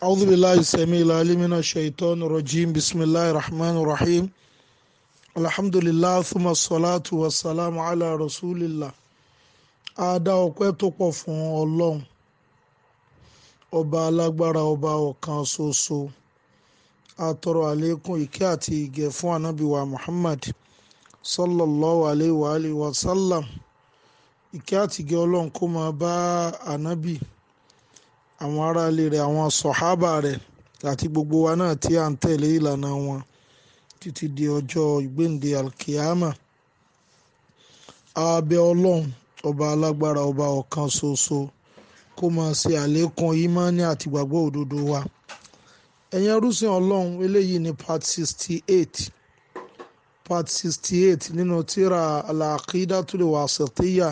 أعوذ بالله السميع العليم من الشيطان الرجيم بسم الله الرحمن الرحيم الحمد لله ثم الصلاة والسلام على رسول الله a dá ọpẹ́ tó pọ̀ fún Ọlọ́run ọba alágbára ọba ọ̀kan ṣoṣo a tọrọ àlékún ìkẹ́ àti ìgẹ̀ fún ànábì Muhammad sallallahu alayhi wa sallam ìkẹ́ àti ìgẹ̀ Ọlọ́run kó máa bá ànábì àwọn aráalé rẹ̀ àwọn sọ̀hábà rẹ̀ àti gbogbo wa náà tí à ń tẹ̀lé ìlànà wọn títí di ọjọ́ ìgbéǹde alkiyama abẹ ọlọ́run ọba alágbára ọba ọ̀kan ṣoṣo kó máa ṣe àlékún ìmánì àti ìgbàgbọ́ òdodo wa ẹ̀yin ẹrúsìn ọlọ́run eléyìí ni part sixty eight part sixty eight nínú tírà al-aqidatul wasatiyya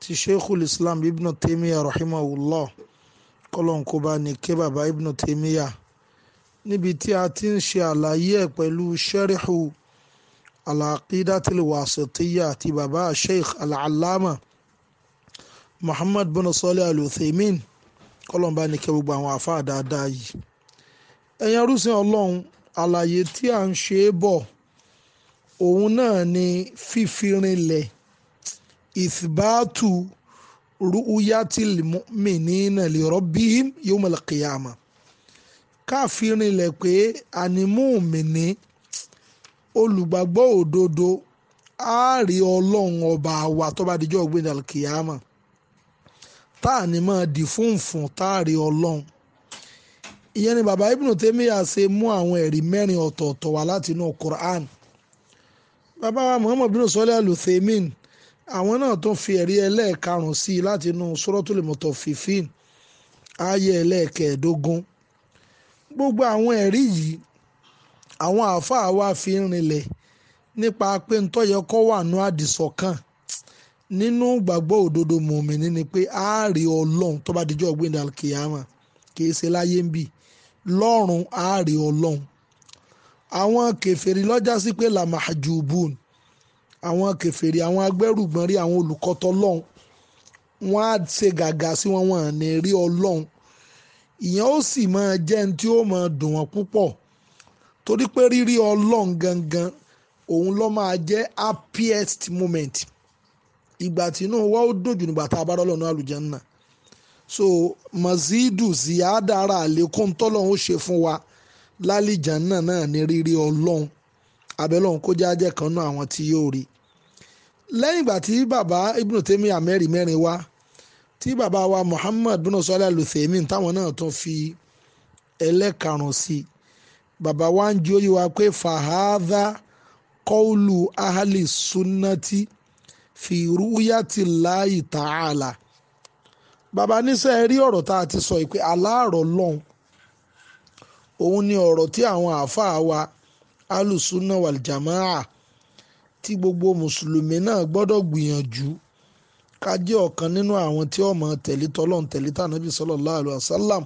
ti sheikhul islam ibn taymiyyah rahimahullah kọ́lọ́n kó bá ní ké bàbá Ibn Taymiyyah níbi tí a ti ń ṣe àlàyé ẹ̀ pẹ̀lú sherihu al-aqidatil wasitiyyah ti bàbá sheikh al-allama muhammad bin salih al-uthaymin kọ́lọ́n bá ní ké gbogbo àwọn àfáà dáadáa yìí ẹ̀yin arúsìn ọlọ́run àlàyé tí a ń ṣe é bọ̀ òun náà ni fífi rinlẹ̀ ìsìbáàtù ru'uyatil mu'minina li rabbihim yawmal qiyamah káàfin lẹ̀ pé ànímúùmìnì olùgbàgbọ́ òdodo á rí ọlọ́run ọba wa tó bá dijọ́ ọ̀gbìn alkiyama tá à ní máa dì fúnfún tá ọlọ́run ìyẹn ni bàbá Ibn Taymiyyah ṣe mú àwọn ẹ̀rí mẹ́rin ọ̀tọ̀ọ̀tọ̀ wá láti inú Qur'an bàbá wa Muhammad bin Salih al àwọn náà tún fi ẹ̀rí ẹlẹ́ẹ̀karùn-ún sí i láti inú suratul mutaffifin ayé ẹlẹ́ẹ̀kẹẹ̀dógún gbogbo àwọn ẹ̀rí yìí àwọn àáfàá wa fi ń rinlẹ̀ nípa pé ń tọ́yẹ kọ́ wà ní àdìsọ́kàn nínú gbàgbọ́ òdodo mùmíní ni pé a rí ọlọ́run tó bá dijọ́ gbẹ̀ndà kìyàmà kìí ṣe láyé ń bì lọ́run a rí ọlọ́run àwọn kèfèrí lọ́jà sí pé làmàjùbùn àwọn kèfèrí àwọn agbẹ́rùgbọ́n rí àwọn olùkọ́tọ́ lọ́hùn wọ́n á ṣe gàgà sí wọn wọn ní rí ọlọ́hun ìyẹn ó sì máa jẹ́ ní tí ó máa dùn wọ́n púpọ̀ torí pé rírí ọlọ́hun gangan òun ló máa jẹ́ happiest moment ìgbà tí inú wa ó dùn nígbà tá a bá rọ́lọ́nù àlùjánnà so mazidu ziyadara àlékún tọ́lọ́hún ó ṣe fún wa lálìjánnà náà ní rírí ọlọ́hun abẹ́lọ́hún kó jájẹ́ kan náà àwọn tí yóò rí i lẹ́yìn ìgbà tí bàbá ibùdó tèmi àmẹ́rì mẹ́rin wá tí bàbá wa Muhammad bin sọlá lùfẹ̀mí táwọn náà tún fi ẹlẹ́karùn sí bàbá wa ń jóyè wa pé fàhádà kọ́ọ̀lù ahali sunnati fi rúyàtì láàyè tààlà bàbá níṣẹ́ rí ọ̀rọ̀ tá a ti sọ pé aláàrọ̀ lọ́hùn òun ni ọ̀rọ̀ tí àwọn àáfàá wa alùsùnà wàlìjàmáà tí gbogbo mùsùlùmí náà gbọ́dọ̀ gbìyànjú ká jẹ́ ọ̀kan nínú àwọn tí ó máa tẹ̀lé tọ́lọ́n tẹ̀lé tànàbí sallallahu alaihi wasallam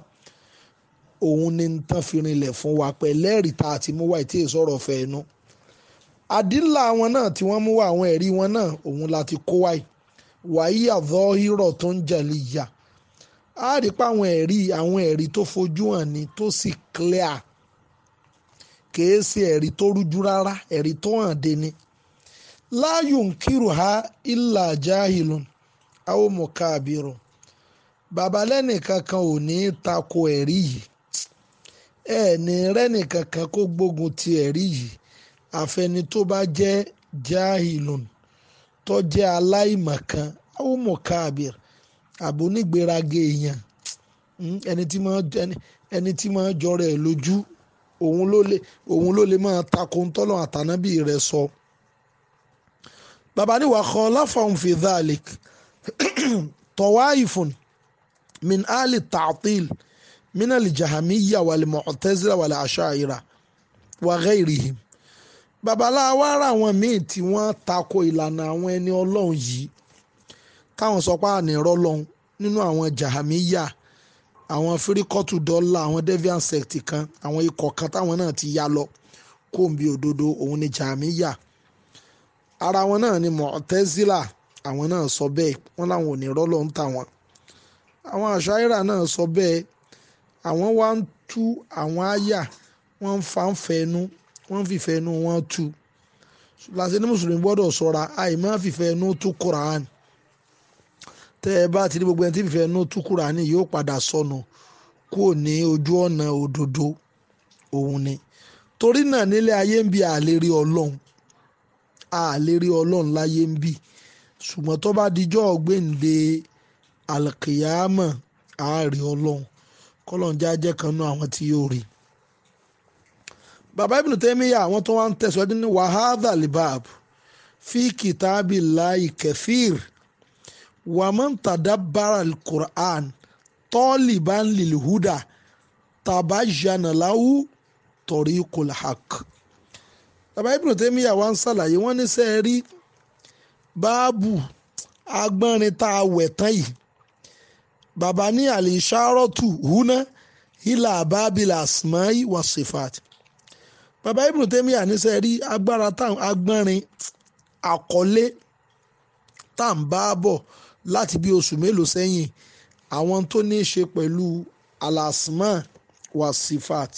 òun ni tán fi fún wa pẹ̀lẹ́rì tá a ti mú wá ìtí ìsọ̀rọ̀ fẹ́ ẹnu àdínlá àwọn náà tí wọ́n mú wa àwọn ẹ̀rí wọn náà òun la ti kó wáyé wàyí àdọ́hírọ̀ tó ń jẹ̀lì yà á rí pa àwọn ẹ̀rí àwọn ẹ̀rí tó fojú hàn ní tó sì clear kèé sí ẹ̀rí tó rújú rárá ẹ̀rí tó hàn dé ni. la ha illa jahilun aw mukabirun bàbá lẹ́nìkan kan ò ní tako ẹ̀rí yìí ẹ ní rẹ́nìkan kan kó gbógun ti ẹ̀rí yìí àfẹni tó bá jẹ́ jahilun tó jẹ́ aláìmọ̀kan aw mukabir àbò nígbèrage èèyàn hmm, ẹni tí máa ẹni tí máa jọrọ ẹ̀ lójú òun ló lè òun ló lè máa àtànábì rẹ̀ sọ. So bàbá ní wà khalafahum fi dhalik tawaifun min ali ta'til min al-jahamiyya wal-mu'tazila wal-asha'ira wa ghayrihim babaláwa ara àwọn míì tí wọ́n tako ìlànà àwọn ẹni ọlọ́run yìí táwọn sọ pé ànírọ́ lọ́hún nínú àwọn jahamiya àwọn firikọ́tù dọ́là àwọn deviant sect kan àwọn ikọ̀ kan táwọn náà ti yá lọ kóńbi òdodo òun ni jahamiya ara wọn náà ni mọ̀tẹ́zílà àwọn náà sọ bẹ́ẹ̀ wọ́n láwọn ò ní rọ́lọ́ ń tà wọ́n àwọn àṣàyíra náà sọ bẹ́ẹ̀ àwọn wá ń tú àwọn àyà wọ́n ń fa ń fẹnu wọ́n ń fìfẹ́ inú wọn tú láti ní mùsùlùmí gbọ́dọ̀ sọ́ra àì má fìfẹ́ inú tú kùránì tẹ́ ẹ bá ti rí gbogbo ẹni tí fìfẹ́ inú tú kùránì yóò padà sọnù kúrò ní ojú ọ̀nà òdodo òun ni torí náà nílé ayé ń bi àlérí ọlọ́run a lè rí ọlọ́run láyé ń bì ṣùgbọ́n tó bá dijọ́ ọ̀gbẹ́ǹde alkiyama a rí ọlọ́run kọ́lọ́n já jẹ́ kan náà àwọn tí yóò rí. bàbá Ibn Taymiyyah àwọn tó wá ń tẹ̀síwájú ní wàhálà libab fi kitabillahi kathir wàmán tadabbara al-Qur'an taliban lil huda tabayyana lahu tariqul haqq bàbá Ibn Taymiyyah wá ń ṣàlàyé wọ́n ní sẹ́ẹ̀ rí báàbù agbọ́nrin tá a wẹ̀ tán yìí bàbá ní àlìṣàròtù húná ilà bábìlà asma'i wa sifat bàbá Ibn Taymiyyah ní sẹ́ẹ̀ rí agbára táwọn agbọ́nrin àkọlé tá à ń bá bọ̀ láti bí oṣù mélòó sẹ́yìn àwọn tó ní í ṣe pẹ̀lú alasma wa sifat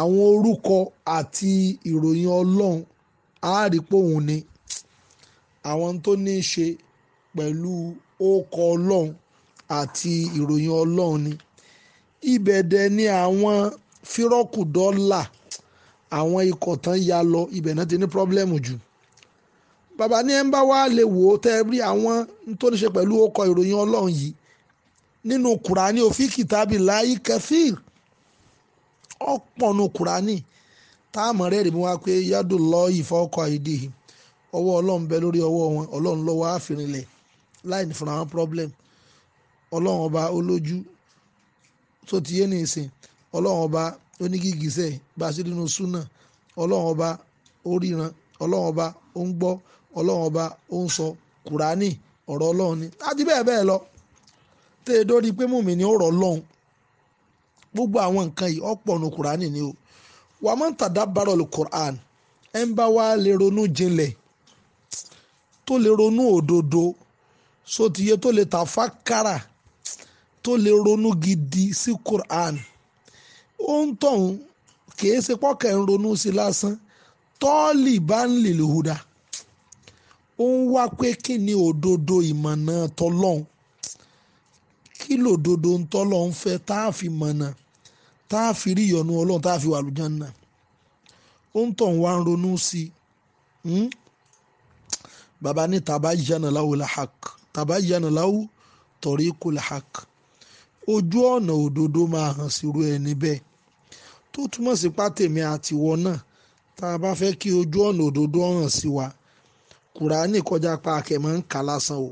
àwọn orúkọ àti ìròyìn ọlọ́run àárìpọ̀ òun ni àwọn tó ní í ṣe pẹ̀lú ókọ ọlọ́run àti ìròyìn ọlọ́run ni ibẹ̀ dẹ̀ ni àwọn fírọ́kù dọ́là àwọn ikọ̀ tán ya lọ ibẹ̀ náà ti ní pírọ́blẹ́mù jù bàbá ní ẹ ń bá wá lè wò ó tẹ́ rí àwọn tó ní ṣe pẹ̀lú ókọ ìròyìn ọlọ́run yìí nínú kùránì òfin kìtàbí láyé kẹfíìr ọ̀pọ̀nù kùránì táàmù rẹ̀ rí mi wá pé yádùn lọ ìfọ̀ ọkọ̀ àìdí ọwọ́ ọlọ́run bẹ lórí ọwọ́ wọn ọlọ́run lọ́wọ́ àfìrìnlẹ̀ láì ní fúnra wọn problem ọlọrun ọba olójú tó ti yé ní ìsìn ọlọ́run ọba onígìgísẹ̀ bá a ṣe súnà ọlọ́run ọba oríran ọlọrun ọba ó ń gbọ́ ọlọ́run ọba ó ń sọ kùránì ọ̀rọ̀ ọlọ́run ni àti bẹ́ẹ̀ bẹ́ẹ̀ lọ tẹ́ ẹ dórí pé mùmí ni ó rọ̀ ọlọ́run gbogbo àwọn nǹkan yìí ọ̀pọ̀ ni o wà á máa ń wa lè ronú jinlẹ̀ tó lè ronú òdodo sotiye tó lè tó lè ronú gidi sí quran kìí ṣe pọ́kẹ́ ń ronú sí lásán tọ́ọ̀lì bá ń ó ń wá pé kí ni òdodo tá a fi rí ìyọnu ọlọ́run tá a fi wà lùjánná ó ń tàn wá ń ronú sí i hmm? bàbá ní tabayyana lahu al-haq tabayyana lahu tariqul haq ojú ọ̀nà òdodo máa hàn sírú ẹni bẹ́ẹ̀ tó túmọ̀ sí pátèmi àtiwọ náà tá a bá fẹ́ kí ojú ọ̀nà òdodo hàn sí wa kùránì kọjá pa akẹ́mọ́ ń kà lásán o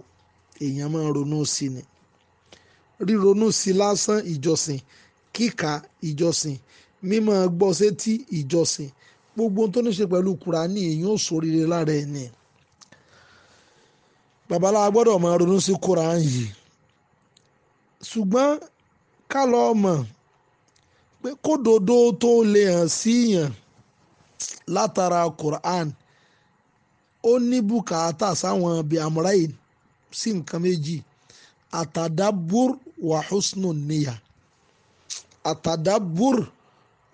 èèyàn máa ronú sí ni ríronú sí lásán ìjọsìn kíka ìjọsìn mímọ́ gbọ́ sétí ìjọsìn gbogbo tó ní ṣe pẹ̀lú kùránì èyí ò sóríire lára ẹni babaláwa gbọ́dọ̀ máa ronú sí kùránì yìí ṣùgbọ́n ká lọ mọ̀ pé kódodo tó lè hàn síyàn látara kùránì ó ní bùkátà sáwọn bíi amúráyìn sí nǹkan méjì àtàdábùr wa husnun níyà Atadabur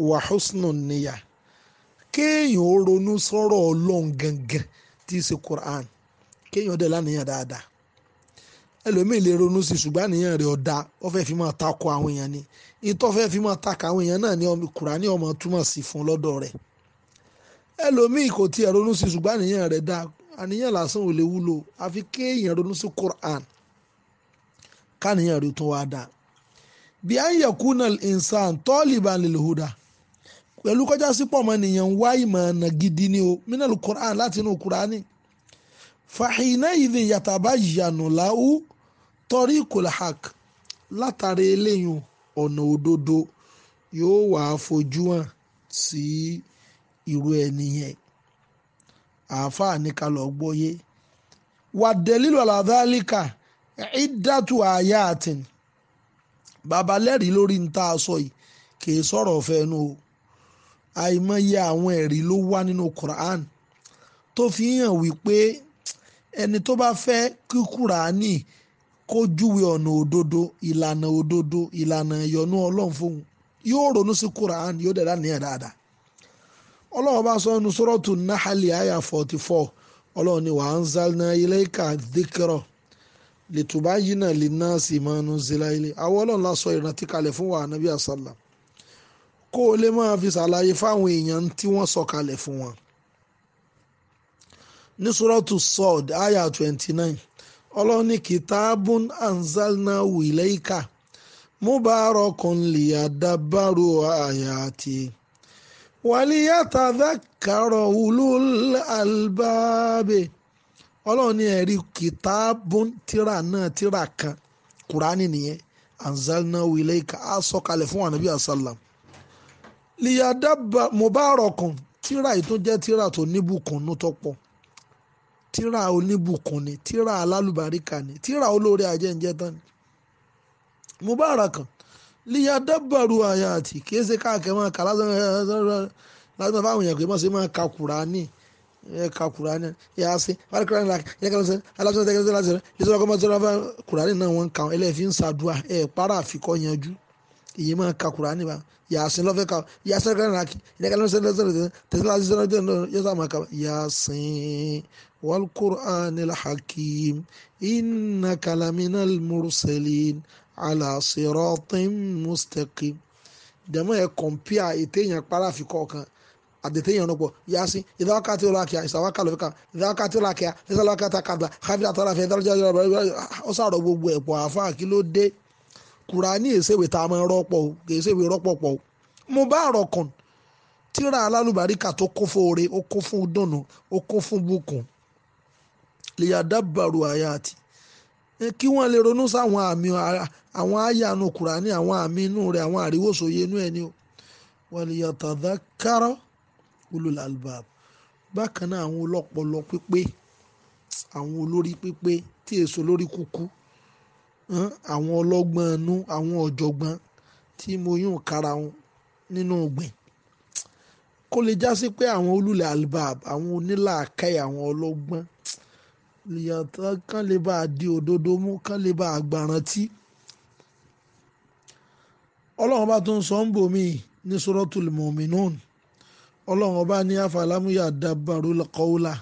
wa húsnù níyà kéèyàn ó ronú sọ̀rọ̀ ọlọ́run gangan tí í ṣe quran kéèyàn dẹ̀ lánìyàn dáadáa ẹlòmíì lè ronú sí ṣùgbọ́n àníyàn rẹ̀ ọ̀dà wọ́n fẹ́ fi máa takò àwọn èèyàn ni ìtọ́ fẹ́ fi máa takò àwọn èèyàn náà ni kùránì ọmọ túmọ̀ sí fún lọ́dọ̀ rẹ̀ ẹlòmíì kò tiẹ̀ ronú sí ṣùgbọ́n àníyàn rẹ̀ dáa àníyàn lásán ò lè wúlò àfi kéèyàn ronú sí quran káníyàn rẹ̀ tún wá dáa bí à ń yẹ̀kúnà ìsàn tọ́lìbàn lil huda pẹ̀lú kọjá sí pọ̀ mọ́nìyàn wá ìmọ̀ ọ̀nà gidi ni o minal quran láti inú qurani fàhínà ìdí yàtàbá yànù láwù torí kòlhak látàrí eléyìí ọ̀nà òdodo yóò wà á fojú hàn sí irú ẹni yẹn àáfàá ní ká lọ gbọ́yé wà dẹ́lílọ̀ làdálíkà ìdàtú àyà àtìní bàbá lẹ́rìí lórí ń ta a sọ yìí kìí sọ̀rọ̀ ọ̀fẹ́ nu o àìmọye àwọn ẹ̀rí ló wà nínú Quran tó fi hàn wípé ẹni tó bá fẹ́ kí Kùránì kó júwe ọ̀nà òdodo ìlànà òdodo ìlànà ìyọnú ọlọ́run fóun yóò ronú sí Quran yóò dẹ̀ dáná yẹn dáadáa ọlọ́run bá sọ nínú Suratu Nahali aya forty four ọlọ́run ni wàá ń zálná ilayka dhikra lètùbá yìí náà lè ná sí máa nu zela ilé àwọn ọlọ́run la sọ ìrántí kalẹ̀ fún wa ànábì àsálà kó o lè máa fi ṣàlàyé fáwọn èèyàn tí wọ́n sọ kalẹ̀ fún wọn. ní suratu sọ́ọ̀d àyà twenty nine ọlọ́run ní kìtàbùn anzalnahu ilayka mubarakun liyadabbaru ayati waliyatadhakkara ulul albabe ọlọ́run ní ẹ̀rí kìtàbù tíra náà tíra kan kùránì nìyẹn anzalna wilayka á sọ̀kalẹ̀ fún ànábì àsálàm liyadaba mubarakun tíra yìí tó jẹ́ tíra tó níbùkún ní tọ́pọ̀ tíra oníbùkún ni tíra alálùbáríkà ni tíra olóore ajẹ́njẹ́ tán ni mubarakun liyadabaru ayati kì í ṣe káàkiri máa kà lásán lásán fáwọn èèyàn pé mọ̀ sí máa ka kùránì ka kurani yaasi wali kurani la yẹ kẹlẹ sẹn alasọ tẹ kẹlẹ sẹn lasẹn lẹsọ ọkọ máa sọ̀rọ̀ fún kurani náà wọn kàn ẹlẹfi ń sàdúà ẹ para àfikọ yanjú èyí máa ka kurani ba yaasi lọfẹ ka yaasi kurani la yẹ kẹlẹ sẹn lẹsẹ lẹsẹ tẹsí la sẹn lẹsẹ lẹsẹ yẹ sọ ma ka yaasi wal kurani la hakim inna kalamina mursalin ala siratin mustaqim jama yẹ kọmpia ètè yẹn para àfikọ kan àdètè yẹn nọpọ yaasi ìdáwàká tí ó lọ àkíyà ìsàwáká lọ fi kàn ìdáwàká tí ó lọ àkíyà ìsàlọwàká tá a kàdà káfíńtà tó láfẹ ìdáwàká tí ó lọ àkíyà ó sàrọ gbogbo ẹ̀pọ̀ àfa kí ló dé kùránì èsèwé tá a máa rọpò èsèwé rọpò pọ̀ mo bá àrọ̀ kàn tíra alálùbáríkà tó kún fún oore ó kún fún dùnú ó kún fún bùkún liyadabbaru ayati kí wọ́n lè ronú sáwọn àmì àwọn àyànú kùránì àwọn àmì inú rẹ̀ àwọn àríwòsòye inú ẹni o waliyatadhakkara ulul albab bákan náà àwọn ọlọ́pọlọ pípé àwọn olórí pípé tí èso lórí kúkú àwọn ọlọ́gbọ́n inú àwọn ọ̀jọ̀gbọ́n tí mo yún kára wọn nínú ọ̀gbìn kó lè já sí pé àwọn ulul albab àwọn onílàákàyè àwọn ọlọ́gbọ́n ìyàtọ̀ kán lè bá a di òdodo mú kán lè bá a gbàrántí ọlọ́run bá tún sọ ń bò mí ní suratul mu'minun ọlọ́run ọba ní afàlámúyà dábàrú kọ́ọ́là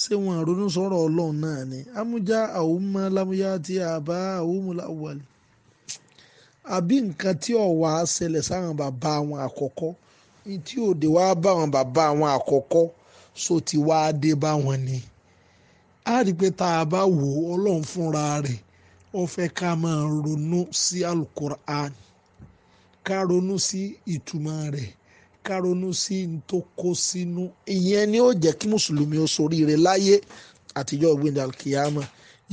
ṣé wọn ronú sọ̀rọ̀ ọlọ́run náà ni amújá àwùmọ́ lámúyá tí a bá àwùmúlá wọlé àbí nǹkan tí ò wá ṣẹlẹ̀ sáwọn bàbá wọn àkọ́kọ́ tí òde wá bá wọn bàbá wọn àkọ́kọ́ so ti wá dé bá wọn ni a rí i pé tá a bá wò ó ọlọ́run fúnra rẹ̀ ó fẹ́ ká máa ronú sí alukur'an ká ronú sí ìtumọ̀ rẹ̀ ká ronú sí n tó kó sínú ìyẹn ni ó jẹ́ kí mùsùlùmí ó soríire láyé àtijọ́ ìgbìndà kìámà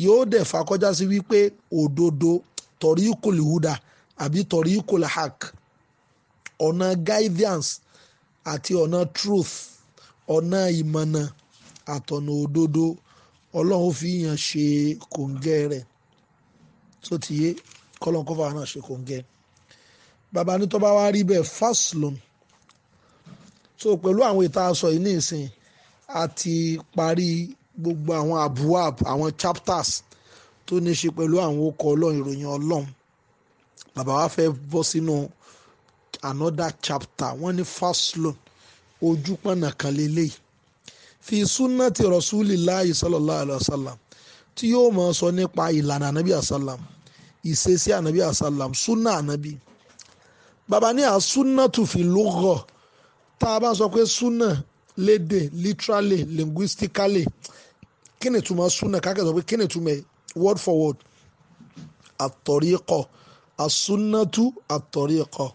yóò dẹ̀ fà kọjá sí wípé òdodo tọ̀rí húdà àbí tọ̀rí kòlìhàk ọ̀nà guidance àti ọ̀nà truth ọ̀nà ìmọ̀nà àtọ̀nà òdodo ọlọ́run fi yàn ṣe kòǹgẹ́ rẹ̀ tó ti yé kọ́lọ́n kọ́fà náà ṣe kòǹgẹ́ bàbá ní wá rí bẹ́ẹ̀ faslon so pẹ̀lú àwọn ìta aṣọ yìí ní ìsìn a ti parí gbogbo àwọn abuab àwọn chapters tó ní ṣe pẹ̀lú àwọn okọ̀ ọlọ́run ìròyìn ọlọ́run bàbá wa fẹ́ bọ́ sínú another chapter wọ́n ní loan ojú pọ̀nà kan lélẹ́yìí fi súnà ti rasulillahi sallallahu alayhi wa sallam tí yóò máa sọ nípa ìlànà ànábì àsálàm ìṣesí ànábì àsálàm súnà ànábì bàbá ní àsúnà tù fi lugha tá a bá ń sọ pé súnà lédè literally linguistically kí ni ìtumọ̀ súnà kákẹ́ sọ pé kí ni ìtumọ̀ word for word àtọ̀ríkọ̀ àsúnàtú àtọ̀ríkọ̀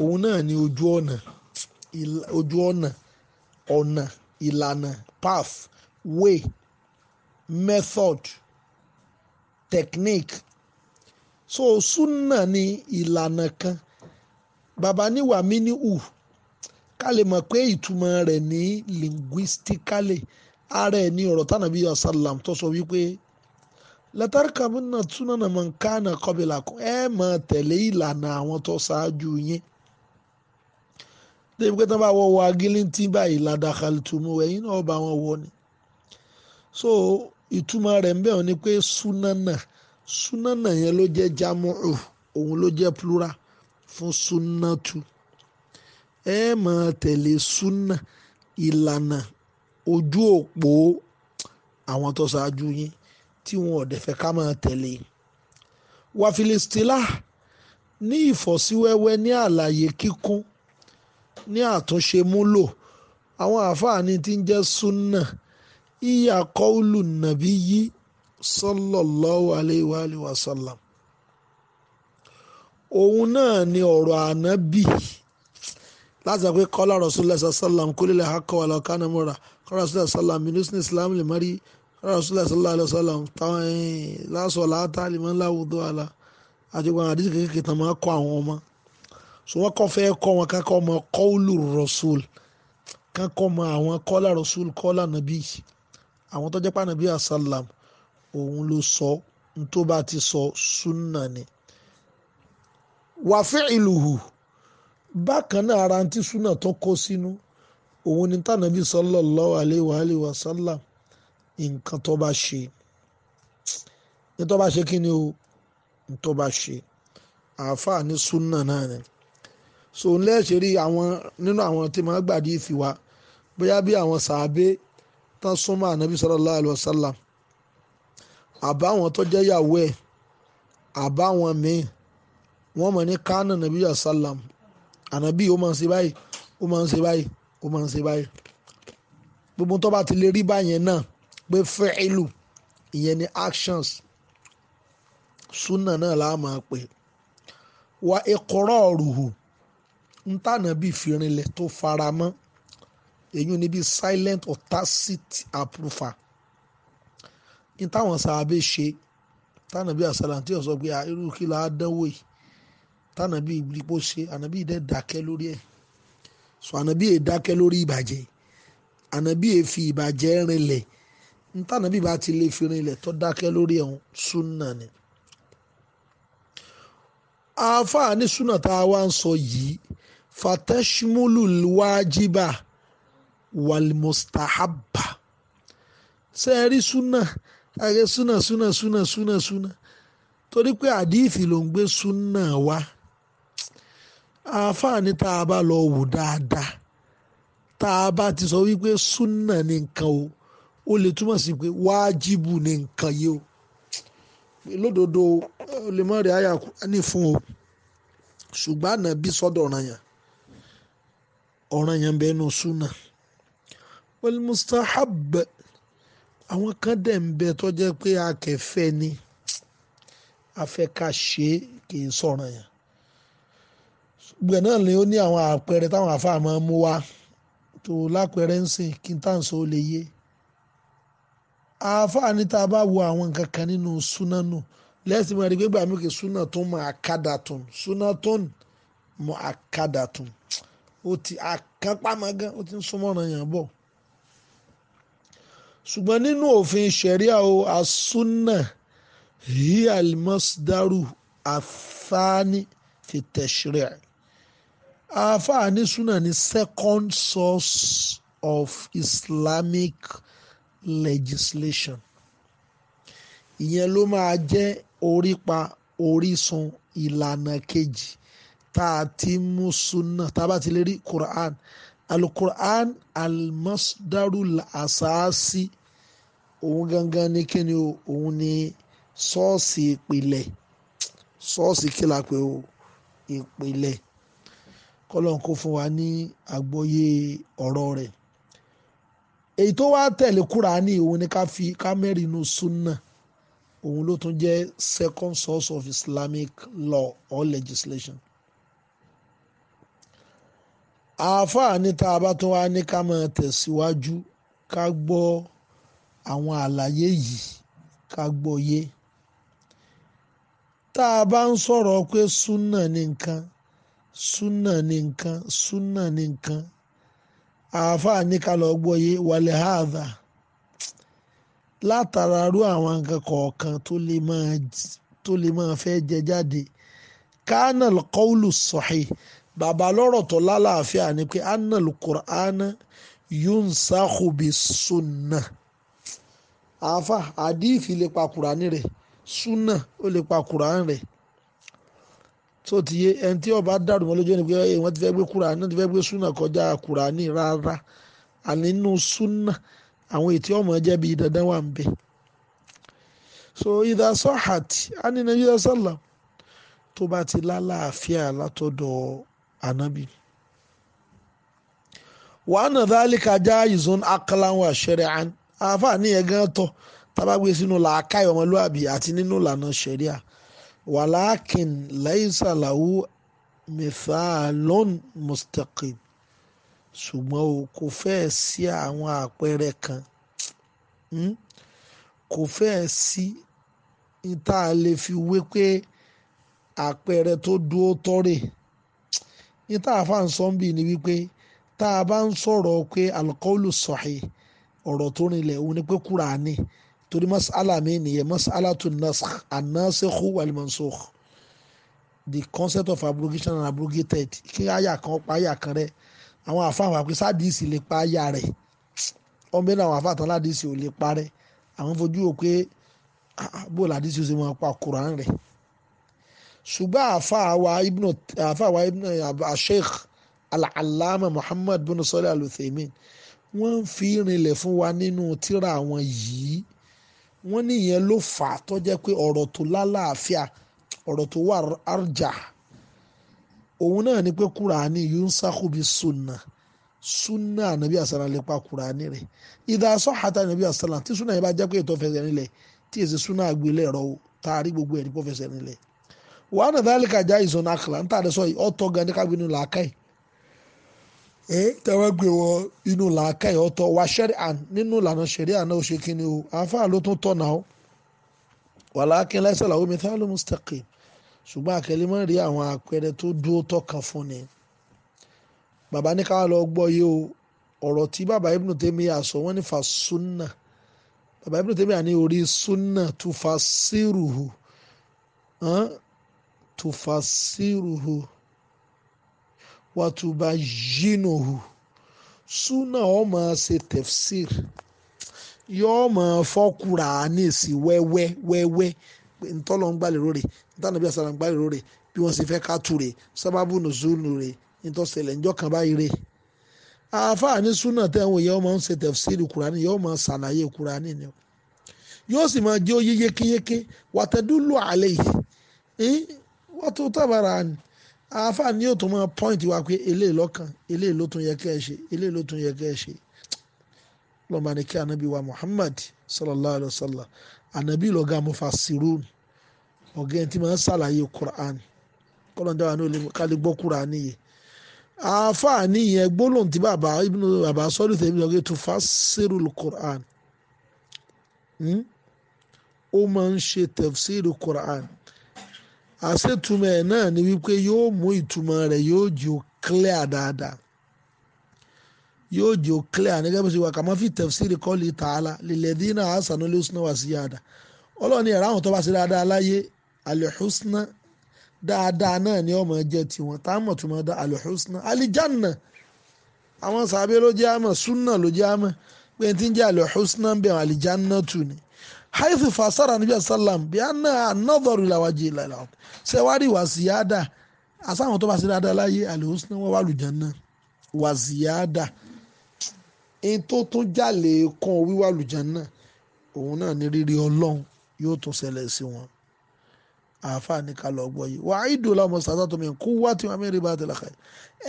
òun náà ni ojú ọ̀nà ojú ọ̀nà ọ̀nà ìlànà path way method technique so súnà ni ìlànà kan bàbá níwà mí ní hù ká lè mọ̀ pé ìtumọ̀ rẹ̀ ní linguistically ara ẹ̀ ní ọ̀rọ̀ tánàbí ọ̀sálàm tó sọ wípé látàríkàmú náà túnà náà mọ̀ nǹkan náà kọ́bìlà kan ẹ máa tẹ̀lé ìlànà àwọn tó ṣáájú yín débi pé tán bá wọ wọ agilintí báyìí ládàkàlùtùmù ẹ̀yìn náà bá wọn wọ ni so ìtumọ̀ rẹ̀ ń bẹ̀ wọ́n ni pé súnánà súnánà yẹn ló jẹ́ jámọ́ọ̀ òun ló jẹ́ plural fún súnátù ẹ máa tẹ̀lé súnà ìlànà ojú òpó àwọn tó ṣáájú yín tí wọn ò dẹ̀ fẹ́ ká máa tẹ̀lé wà filistila ní ìfọ̀síwẹ́wẹ́ ní àlàyé kíkún ní àtúnṣe múlò àwọn àfáàní tí ń jẹ́ súnà ìyá kọ́ọ̀lù nàbí yí sallallahu alayhi wa alihi òun náà ni ọ̀rọ̀ ànábì. láti sọ pé kọ́lá rasulillah sallam kólélẹ̀ akọ́wà lọ kánà múra kọ́lá rasulillah sallam minusni islam lè mari kọ́lá rasulillah sallallahu alayhi wa sallam táwọn ẹ̀yìn lásọ̀ látà lè máa ń àlà àdìsí kékeré máa kọ́ àwọn ọmọ so wọ́n kọ́ fẹ́ kọ́ wọn kankan ọmọ kọ́ọ̀lù rasul kankan ọmọ àwọn kọ́lá rasul kọ́lá asalam òun ló sọ ti bákan náà ara tí súnà tó kó sínú òun ni tànàbí sallallahu alaihi wa alihi wa sallam nǹkan tó bá ṣe ní tó bá ṣe kí ni o ní tó bá ṣe àáfàá ní súnà náà ni so n lẹ́ẹ̀ṣẹ̀ rí àwọn nínú àwọn tí màá gbàdí ìfìwà bóyá bí àwọn sàábé tán súnmọ́ ànábì sallallahu alaihi wa sallam àbáwọn tó jẹ́ yàwó ẹ̀ àbáwọn míì wọ́n mọ̀ ní kánà nàbíyà sálàm ànábì ó máa ń ṣe báyìí ó máa ń ṣe báyìí ó máa ń ṣe báyìí gbogbo tó bá ti lè rí báyẹn náà pé fẹ́ẹ́lù ìyẹn ni actions súnà náà láà máa pè wá ìkọ̀rọ̀ ọ̀rùhù ń tànà bíi fìrìnlẹ̀ tó fara mọ́ èyí ni bíi silent or tacit approval ní táwọn sàábé ṣe tànà bíi àsàlà tí pé irú kí la dánwò yìí tànàbí ìgbìpò ṣe ànàbí dẹ̀ dákẹ́ lórí ẹ̀ so ànàbí yẹ dákẹ́ lórí ìbàjẹ́ ànàbí yẹ fi ìbàjẹ́ rinlẹ̀ ntànàbí bá ti lè fi rinlẹ̀ tó dákẹ́ lórí ẹ̀ súnà ni. àáfàá ní súnà tá a wá ń sọ yìí fatashimulu wájibà wàlmùsítàhábà ṣe é rí súnà àgẹ súnà súnà súnà súnà súnà torí pé àdìfì ló ń gbé súnà wá. àǹfààní tá a bá lọ wò dáadáa tá a bá ti sọ wípé súnà n'i nǹkan o ó lè túmọ̀ sí pé wájibù ni nǹkan yìí o lódodo o lè má rí àyà ní fún o ṣùgbọ́n ànábì sọ́dọ̀ ọ̀ràn yẹn ọ̀ràn yẹn bẹ́ẹ̀ nù súnà wal mustahab àwọn kan dẹ̀ ń bẹ tó pé akẹ́fẹ́ ni afẹ́ ká ṣe é kì í sọ̀ràn yẹn gbogbo náà ni ó ní àwọn àpẹẹrẹ táwọn àáfàá máa ń mú wá tó lápẹẹrẹ ń sìn kí n tàǹsó lè yé àáfàá ní tá a bá wo àwọn nǹkan kan nínú súná nù lẹ́sìn mọ́ ẹ̀rí pé gbàmí kì í súná tó mọ àkàdà tún súná tó mọ àkàdà tún ó ti àkànpámọ́ gan ó ti ń súnmọ́ ọ̀ràn yàn bọ̀ ṣùgbọ́n nínú òfin ṣẹ̀ríà o àsúnà hiya almasdaru afani fi tashri' àáfàá ní súnà ní second source of Islamic legislation ìyẹn ló máa jẹ́ orípa orísun ìlànà kejì tá a ti mú súnà tá a bá ti lè rí Quran alukur'an almasdarul asasi òun gangan ní kíni o òun ní sọ́ọ̀sì ìpìlẹ̀ sọ́ọ̀sì kìlà pé o ìpìlẹ̀ kọ́lọ́n kó fún wa ní àgbọ́yé ọ̀rọ̀ rẹ̀ èyí tó wá tẹ̀lé kúránì òun ni ká fi kámẹ́rì inú súnà òun ló tún jẹ́ second source of Islamic law or legislation àáfàá ní tá a bá tún wá ní ká máa tẹ̀síwájú ká gbọ́ àwọn àlàyé yìí ká gbọ́ yé tá a bá ń sọ̀rọ̀ pé súnà ní nǹkan súnà ní nǹkan súnà ní nǹkan àáfàá ní ká lọ gbọ́ yé wàlẹ̀ háàdà látara rú àwọn nǹkan kọ̀ọ̀kan tó lè máa fẹ́ jẹ jáde kánàl kọ́ọ̀lù sọ̀hí bàbá lọ́rọ̀ tó lálàáfíà ni pé anal qur'ana yunsahu bi sunna àáfàá àdìfì lè pa kùránì rẹ̀ súnà ó lè pa kùránì rẹ̀ so ti yé ẹni tí ọba dàrú mọ́ lójú ẹni pé wọ́n ti fẹ́ gbé kúránì wọ́n ti fẹ́ gbé súnà kọjá kúránì rárá ànínú súnà àwọn ètí ọmọ jẹ́ bíi dandan wà ń bẹ. so ìdá sọ́hàtì ánínà yíyá sọ́là tó bá ti lálàáfíà látọ̀dọ̀ ànábì. wàá nà dálíkà já ìzón akaláwọn àṣẹrẹ àáfàá ní ẹ̀gán tọ̀ tábàgbé sínú làákàyè ọmọlúàbí àti nínú ìlànà ṣẹ̀ríà walakin laisa lahu mithalun mustaqim ṣùgbọ́n o kò fẹ́ẹ̀ sí àwọn àpẹẹrẹ kan hmm? kò fẹ́ẹ̀ sí tá a lè fi wé pé àpẹẹrẹ tó dúró tọ́rẹ̀ ní tá a wípé tá a bá ń sọ̀rọ̀ pé alukọ́lù sọ̀hìn ọ̀rọ̀ tó rinlẹ̀ òun ni pé kúránì torí mas'ala mi nìyẹn mas'ala tun nasakh anasekhu walimansokh the concept of abrogation and abrogated kí àyà kan pa àyà kan rẹ àwọn àfáà wà pé sádìsì lè pa àyà rẹ wọn bẹ ní àwọn àfáà tán ládìsì ò lè parẹ́ àwọn fojú wò pé ah, ah, bó ládìsì ó ṣe máa pa Quran rẹ ṣùgbọ́n àfáà wa ibnu àfáà wa ibnu asheikh al-allama Muhammad bin Salih al-Uthaymin wọ́n ń fi rinlẹ̀ fún wa nínú tírà àwọn yìí wọ́n ní ìyẹn ló fà á tó jẹ́ pé ọ̀rọ̀ tó lálàáfíà ọ̀rọ̀ tó wà arjà òun náà ni pé kúránì yunsaku bi sunna sunna anabi asana lè pa kúránì rẹ̀ ìdásọ́ hata anabi asana tí sunna yẹn bá jẹ́ pé ètò fẹsẹ̀ nílẹ̀ tí èsì sunna àgbélẹ̀ ẹ̀rọ taari gbogbo ẹ̀ ní fẹsẹ̀ nílẹ̀ wàhánà dálíkà já ìzọ̀nà àkàlà ń tà dé sọ ọ̀tọ̀ gan ní làákàyè ẹ tẹ́wọ́ gbé wọ inú làákàyè ọ̀tọ̀ wà ṣẹ́ríà nínú ìlànà ṣẹ̀ríà náà ó ṣe kí ni o àáfàá ló tún tọ̀nà o wàlákin lẹ́sẹ̀ làwọn omi táwọn ló mú sítẹ̀kì ṣùgbọ́n àkẹ́lẹ́ mọ́ rí àwọn àpẹẹrẹ tó dúró tọkàn fún ni bàbá ní káwá lọ gbọ́ yé o ọ̀rọ̀ tí bàbá Ibn Taymiyyah sọ wọ́n ní fa sunna bàbá Ibn Taymiyyah ní orí sunna tufasiruhu tufasiruhu. Huh? wato ba jinohu suna o ma se tefsir yo ma fo qur'ani si wewe wewe ntolo ngbalero re ntana bi asara ngbalero bi won se fe ka ture sababu nuzulu re nto sele le njo kan bayi re afa suna te won yo ma se tefsir qur'ani yo ma sanaye qur'ani ni yo si ma je oyeye kiyeke watadulu alayhi eh watu tabarani àáfàá ní òtún máa point wa pé eléyìí lọ́kàn eléyìí ló tún yẹ kẹ́ ṣe eléyìí ló tún yẹ kẹ́ ṣe lọ́mọ ní kí anabi wa muhammad sallallahu alayhi wa sallam anabi lọ́gá mufassirun ọ̀gá ẹni tí ṣàlàyé quran kọ́lọ́n dáwà ní olè kálí gbọ́ quran yìí àáfàá níyẹn gbólóhùn tí bàbá ibùdó bàbá sọ́ọ́lù tẹ̀lé mi lọ́gá tó fásírù quran hmm? ó máa ń ṣe tafsiru quran. Hmm? àṣetumọ̀ ẹ̀ náà ni wípé yóò mú ìtumọ̀ rẹ̀ yóò jò clear dáadáa yóò jò clear nígbà bí wà kàmá fi tafsiri qawli ta'ala lilladhina ahsanul husna wa ziyada ọlọ́run ní ẹ̀rọ àwọn tó bá ṣe dáadáa láyé al dáadáa náà ni ọmọ jẹ́ tiwọn táwọn tó máa da al-husna àwọn sàbẹ̀ ló jẹ́ àmọ̀ sunna ló jẹ́ àmọ̀ pé n ti ń jẹ́ al ń bẹ̀rẹ̀ al-jannatu ni haifu fasara níbi asalam bí aná anọ́dọ̀rù ìlàwájú ìlànà sẹ́wárì wàsíyáàdà asáwọn tó bá sí dáadáa láyé àlèhùsùn wọn wà lùjẹ́ náà wàsíyáàdà èyí tó tún jàlè kan wíwà lùjẹ́ náà òun náà ní rírí ọlọ́run yóò tún ṣẹlẹ̀ sí wọn àáfàá ní ká lọ gbọ́ yìí wàá ìdò làwọn mọ̀sálásá tó mìíràn kó wá tí wọn mẹ́rin bá tẹ̀lé káyọ̀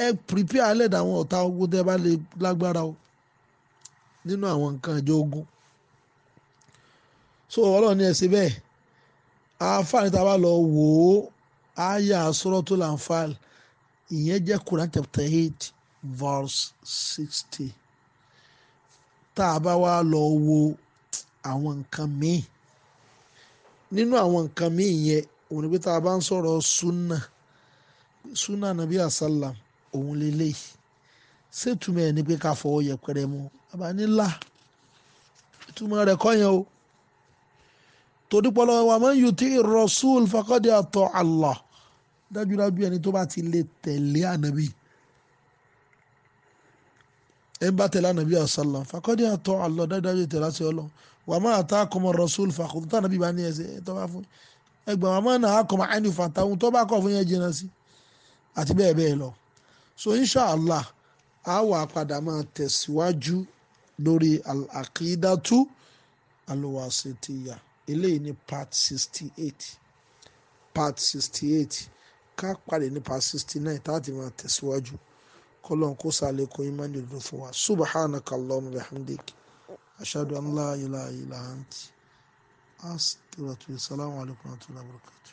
ẹ pìrìpìà alẹ́ dàwọn ọ̀tá ogun tẹ́ bá lè lágbára o nínú àwọn nǹkan ìjọ ogun so ọlọ́run ní ẹ̀sìn bẹ́ẹ̀ àǹfààní tá a bá lọ wò ó àyà Suratul Anfal ìyẹn jẹ́ Quran chapter eight verse sixty tá a bá wá lọ wo àwọn nǹkan míì nínú àwọn nǹkan míì yẹn òun ni pé tá a bá ń sọ̀rọ̀ súnà súnà nàbí àsálàm òun lélẹ́yìí ṣètùmọ̀ ni pé ká fọwọ́ yẹpẹrẹ mu àbá nílà ìtumọ̀ rẹ̀ kọ́ yẹn o torí pọ́lọ́ wa man yuti rasul faqad ata Allah dájúdájú ẹni tó bá ti lè tẹ̀lé ànábì ẹ bá tẹ̀lé ànábì sallallahu faqad ata Allah dájúdájú tẹ̀lé àṣẹ ọlọ́ wa ma atakum rasul faqad tó ànábì bá ní ẹsẹ̀ tó bá fún ẹgbẹ́ wa ma nahakum anhu fatahun tó bá kọ̀ fún yẹn jìnnà sí àti bẹ́ẹ̀ bẹ́ẹ̀ lọ so inshallah a wà padà máa tẹ̀síwájú lórí al-aqidatu al-wasitiyah eléyìí ni part sixty eight part sixty eight ká pàdé ní part sixty nine tá a ti máa tẹ̀síwájú kọ́lọ́n kó sàlẹ̀ kó yín máa ń dòdò fún wa subhanaka allahumma wa bihamdik ashhadu an la ilaha wa atubu wa rahmatullahi